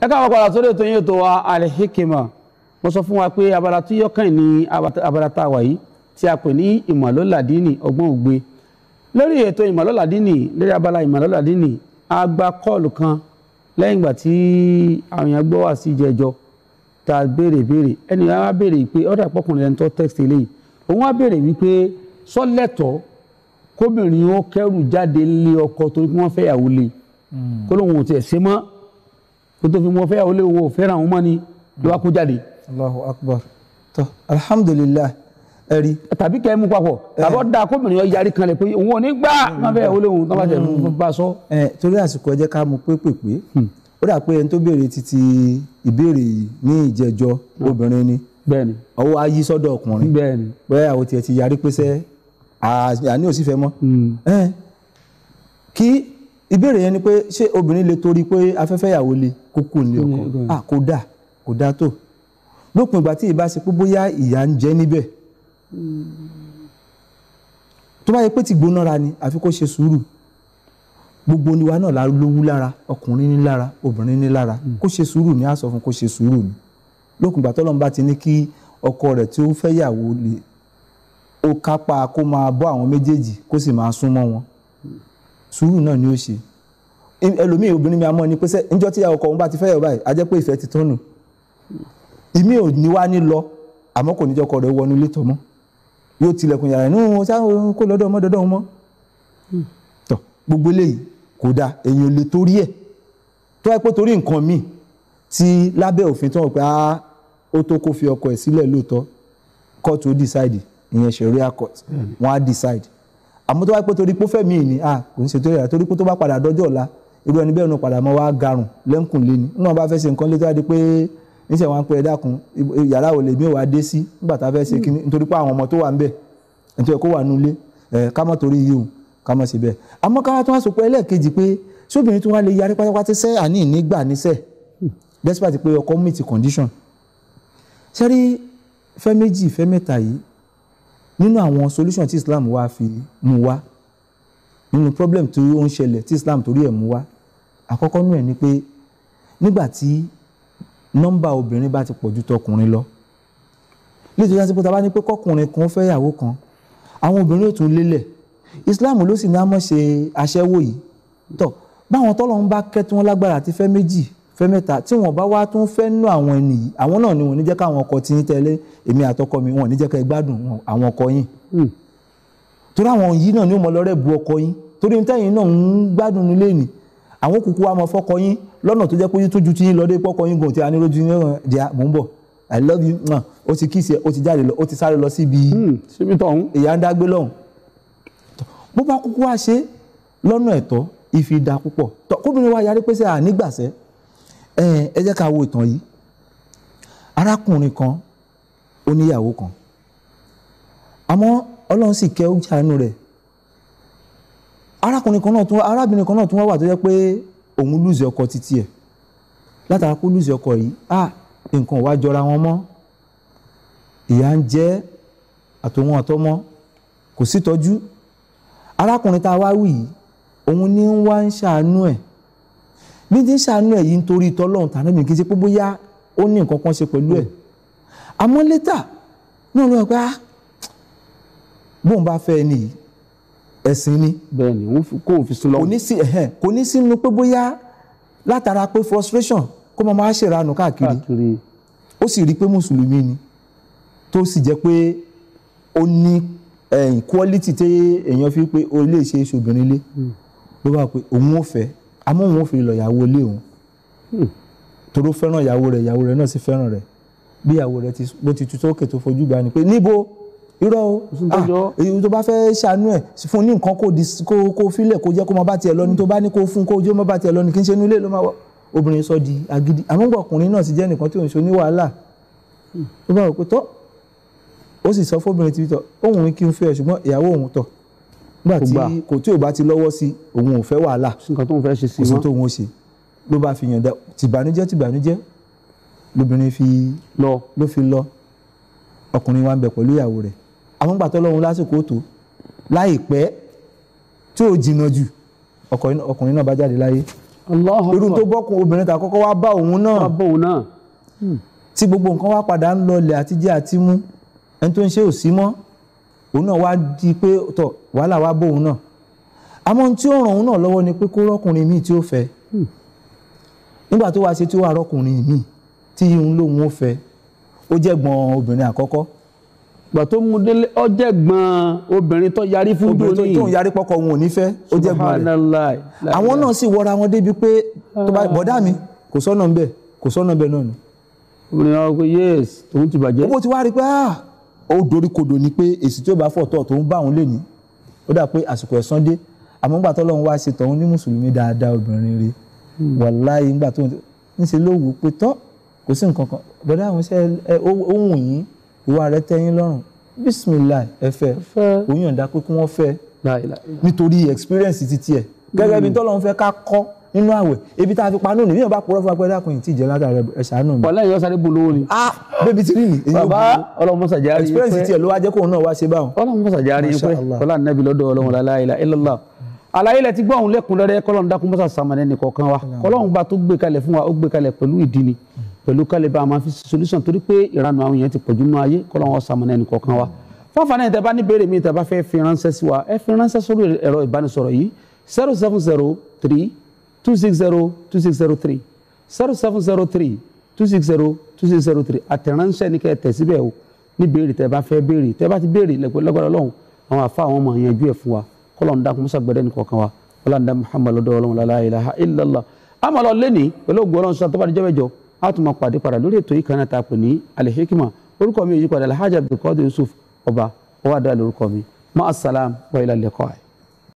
ẹ káwọn padà sórí ètò yín ètò wa alihikima mo sọ fún wa pé abala tó yọkàn ní abala tá a wà yìí tí a pè ní ìmọ̀lódàdínì ọgbọ́n ògbe lórí ètò ìmọ̀lódàdínì lórí abala ìmọ̀lódàdínì a gba kọ́ọ̀lù kan lẹ́yìn ìgbà tí àwọn èèyàn gbọ́ wá sí jẹjọ tá a béèrè béèrè ẹni yẹn wá béèrè pé ọ̀dà pọ́kùnrin ẹni tó tẹ́kìtì eléyìí òun wá béèrè wípé sọ́lẹ̀tọ̀ kóbìnrin ó kẹ́rù jáde lé ọkọ torí pé wọ́n fẹ́ yàwó le hmm. kó lóun ò tiẹ̀ kó tó fi mọ fẹ́ àwọn olówó fẹ́ràn àwọn mọ́ni ló wá jáde. Allahu akbar tó alhamdulilayi ẹ̀rí. tàbí kẹ́ ẹ mú papọ̀ tàbọ̀ da kóbìnrin ọ̀yarí kan lẹ̀ pé òun ò ní gbà má fẹ́ olówó tó bá jẹ́ mm. bá sọ. ẹ torí àsìkò ọjọ́ ká mú pépèpé hmm. ó dà pé ẹni tó béèrè títí ìbéèrè ní ìjẹjọ ah. obìnrin ni bẹ́ẹ̀ni ọwọ́ ayé sọ́dọ̀ ọkùnrin bẹ́ẹ̀ni bẹ́ẹ̀ àwọn tiẹ̀ ti yarí pé sẹ́ àní ò sì fẹ́ mọ́ hmm. kí ìbéèrè yẹn ni pé ṣé obìnrin lè torí pé afẹ́fẹ́ ìyàwó le kókó ní ọkọ ah kò dáa kò dáa tó lópin ìgbà tí ìbá ṣe pé bóyá ìyá ń jẹ níbẹ̀ tó bá yẹ pé ti gbónára ni àfi kó ṣe sùúrù gbogbo oníwa náà la lówú lára ọkùnrin ní lára obìnrin ní lára hmm. kó ṣe sùúrù ni a sọ fún kó ṣe sùúrù ni lópin ìgbà tọ́lọ́mùbá ti ní kí ọkọ rẹ̀ tí ó fẹ́ yàwó lè ó kápá kó máa bọ́ àwọn méjèèjì kó sì máa sún mọ́ wọn sùúrù náà ni ó ṣe ẹlòmíì obìnrin mi àmọ́ ni pé sẹ́ níjọ́ tí ọkọ òun bá ti fẹ́ yọ̀ báyìí a jẹ́ pé ìfẹ́ ti tán nù ìmí ò ní wá ní lọ àmọ́ kò ní jẹ́ ọkọ rẹ̀ wọnú ilé tọ́ mọ́ yóò tilẹ̀kùn yàrá nù sáwọn kó lọ́dọ̀ ọmọ dọ́dọ̀ wọn tọ́ gbogbo eléyìí kò dáa èèyàn lè torí ẹ̀ tó wáyé pé torí nǹkan míì tí lábẹ́ òfin tó wọ̀ pé ó tó kó fi ọkọ ẹ̀ sílẹ̀ lóòótọ́ court ó decide ìyẹn ṣẹ̀ríà court wọ́n á decide àmọ́ tó bá pé torí pé ó fẹ́ mí ni à kò ní ṣe torí rẹ̀ torí pé tó bá padà dọ́jọ́ ọ̀la irú ẹni bẹ́ẹ̀ náà padà mọ́ wá garùn lẹ́ǹkùn lé ni níwọ̀n bá fẹ́ ṣe nǹkan létí wá di pé níṣẹ́ wọn pé ẹ dákun yàrá ò lè mí wàá dé sí nígbà tá a fẹ́ ṣe kíní nítorí pé àwọn ọmọ tó wà ń bẹ̀ nítorí kó wà nú ilé ẹ ká mọ̀ torí yìí o ká mọ̀ sí bẹ́ẹ̀ àmọ́ ká condition ṣẹ́rí fẹ́ méjì fẹ́ mẹ́ta nínú àwọn solution tí Islam wá fi mú wá nínú problem tí ó ń ṣẹlẹ̀ tí Islam torí ẹ̀ mú wá àkọ́kọ́ nú ẹ̀ ni pé nígbà tí nọ́mbà obìnrin bá ti pọ̀ ju tọkùnrin lọ nítorí àti pọ́tà bá ní pé kọkùnrin kan fẹ́ yàwó kan àwọn obìnrin ò tún lélẹ̀ Islam ló sì ní àmọ́ ṣe aṣẹ́wó yìí tọ̀ báwọn tọ́lọ́ ń bá kẹ́ tí wọ́n lágbára àti fẹ́ méjì fẹ́ mẹ́ta tí wọ́n bá wá tún fẹ́ nú àwọn ẹni àwọn náà ni wọ́n ní jẹ́ káwọn ọkọ tí ń tẹ́lẹ̀ èmi àtọkọ mi wọ́n ní jẹ́ ká gbádùn àwọn ọkọ yín hmm. torí àwọn yìí náà ni ó mọ lọ́rẹ́ bu ọkọ yín torí ní tẹ́yìn náà ń gbádùn nílé nì àwọn kúkú wa mọ fọkọ yín lọ́nà tó jẹ́ pé tó ju ti yín lọ́dẹ́ pọ́kọ yín gùn tí a ní lójú yín náà jẹ́ mò ń bọ̀ i love you ma o ti kíìsì ẹ o ti jáde lọ o ti sáré lọ síbi hmm. síbi tọ̀hún ìyá ń dágbé lọ́hùn bó bá kúkú ẹ jẹ́ ká wo ìtàn yìí arákùnrin kan ó níyàwó kan àmọ́ ọlọ́run sì kẹ́ ó jáánu rẹ̀ arákùnrin kan náà tún arábìnrin kan náà tún wá wà tó jẹ́ pé òun lùzì ọkọ títí ẹ̀ látara kó lùzì ọkọ yìí à nǹkan wá jọra wọn mọ́ ìyà ń jẹ àtòwọn àtọmọ kò sí tọ́jú arákùnrin tá a wá wì yìí òun ní wá ń ṣàánú ẹ̀ bí ti ń ṣàánú ẹ̀ yìí nítorí tọ́lọ́run tàná mi kì í ṣe pé bóyá ó ní nǹkan kan ṣe pẹ̀lú ẹ̀ àmọ́ létà náà ló yẹ pé ah bóun bá fẹ́ ẹni ẹ̀sìn ni bẹ́ẹ̀ni kó o fi sí lọ kò ní sínú pé bóyá látara pé frustration kó máa máa ṣèrànù káàkiri ó sì rí i pé mùsùlùmí ni tó sì jẹ́ pé ó ní eh, quality tí èèyàn fi pé o lè ṣe é ṣòbìnrin lé hmm. ló bá pé òun ò fẹ́ àmọ́ òun ò fi lọ ìyàwó ilé òun hmm. toró fẹ́ràn ìyàwó rẹ̀ ìyàwó rẹ̀ náà sì fẹ́ràn rẹ̀ bí ìyàwó rẹ̀ bó ti tutù òkè tó fojú gbà ni pé níbo irọ́ o ah, èyí tó bá fẹ́ ṣàánú ẹ̀ fún ní nǹkan kó filẹ̀ kó jẹ́ kó má bá tiẹ̀ lọ ni hmm. tó bá ní kó fún kó jẹ́ má bá tiẹ̀ lọ ni kí n ṣe nílé ló má wọ obìnrin sọ di agídí àmúgbọ̀ ọkùnrin náà ti jẹ́ nìkan tí ò ṣe ní wàhálà hmm nígbà tí kò tí ò bá ti lọ́wọ́ sí òun ò fẹ́ wàhálà nǹkan tó ń fẹ́ ṣe sí wọn kò sí tó ń ṣe ló bá fi yànda tìbànújẹ́ tìbànújẹ́ lóbìnrin fi lọ ló fi lọ ọkùnrin wa ń bẹ pẹ̀lú ìyàwó rẹ̀ àwọn gbà tó lọ́run lásìkò tó láìpẹ́ tí ò jìnnà jù ọkùnrin náà bá jáde láyé irú tó bọ́kùn obìnrin ta kọ́kọ́ wá bá òun náà tí gbogbo nǹkan wá padà ń lọlẹ̀ àtijẹ́ àtimú ẹni tó ń ṣe òsì mọ́ òun náà wá di pé tọ wàhálà wá bóun náà àmọ́ tí ó ràn òun náà lọ́wọ́ ni pé kó rọ́kùnrin míì tí ó fẹ́ hmm. nígbà tó wá ṣe tí ó wà rọ́kùnrin míì tí òun lòun ó fẹ́ ó jẹ́ gbọ́n obìnrin àkọ́kọ́ gbà tó mú délé ọ jẹ́ gbọ́n obìnrin tó yarí fún dóní obìnrin tó ń yarí pọkọ òun ò ní fẹ́ ó jẹ́ gbọ́n rẹ̀ àwọn náà sì wọra wọn débi pé tó bá ah. bọ̀dá mi kò sọ́nà ń bẹ̀ kò sọ́nà ń bẹ̀ náà ni. obìnrin náà kò yéèsì tòun ti bàjẹ́. owó ti wá rí pé ah ó dorí kodò ni pé èsì tí ó bá fọ̀ tọ̀ tó ń bá òun lè ní ó dà pé àsìkò ẹ̀san dé àmọ́ ńgbà tó lọ́run wá ṣe tọ̀hún ní mùsùlùmí dáadáa obìnrin rẹ̀ hmm. wàláyé ńgbà tó ń ṣe ló wù pé tọ́ kò sí nǹkan kan bọ́dá àwọn iṣẹ́ ohun yìí ìwà rẹ̀ tẹ́yìn lọ́rùn bismillah ẹ fẹ́ òun yàn dá pé kí wọ́n fẹ́ nítorí experience ti tiẹ̀ gẹ́gẹ́ bí hmm. tọ́lọ́run fẹ́ ká kọ́ nínú àwẹ̀ ebi tá a fi paná nìyẹn bá purọ́ fún apẹ́rẹ́ àkùnrin tí ìjẹun látara ẹ̀ ṣàánú mi. wàhálà yóò sáré bolówó ni. ah bébí ti rí mi. bàbá ọlọmọsàjárí yìí pé experience tiẹ̀ ló wá jẹ́ kóun náà wá ṣe báwọn. ọlọmọsàjárí yìí pé ọlá nàbí lọ́dọ̀ ọlọ́run aláìlá ilàlá àlàyé lẹ ti gbọ́ òun lẹ́kùn lọ́rẹ́ kọ́lọ́n dákun mọ́sà sàmánẹ́ nìkọ̀ọ̀kan wa kọ́lọ́n bá tó gbé kalẹ̀ fún wa ó gbé kalẹ̀ pẹ̀lú ìdíni pẹ̀lú kalẹ̀ bá a máa fi solution torí pé ìranu àwọn èèyàn ti pọ̀jù nínú ayé kọ́lọ́n wọn sàmánẹ́ nìkọ̀ọ̀kan wa fáfáná ẹ̀ tẹ́ bá ní béèrè mi tẹ́ bá fẹ́ fi ránṣẹ́ sí wa ẹ fi ránṣẹ́ sórí ẹ̀rọ ìbánisọ̀rọ̀ yìí zero seven zero three 260 2603 0703 260 2603 àtẹ̀ránṣẹ́ ni kẹ́ ẹ tẹ̀ síbẹ̀ o ní béèrè tẹ́ bá fẹ́ béèrè tẹ́ bá ti béèrè lẹ́gbẹ̀ẹ́ lọ́gbàdàn ọlọ́run àwọn àfa àwọn ọmọ yanjú ẹ̀ fún wa kọ́lọ́n dákun musa gbẹ̀dẹ́ nìkan kan wa ọlọ́dà muhammad lọ́dọ̀ ọlọ́run lálá ilaha illallah àmọ́ lọ lẹ́ni pẹ̀lú ògùn ọlọ́run sọ́tọ́ bá di jọ́bẹ̀jọ á tún máa pàdé padà lórí ètò yìí kan náà ta ní alihikima orúkọ mi yìí padà alhaji abdulkadir yusuf ọba ọwọ́ adá lórúkọ mi ma assalam wa ilal liqa.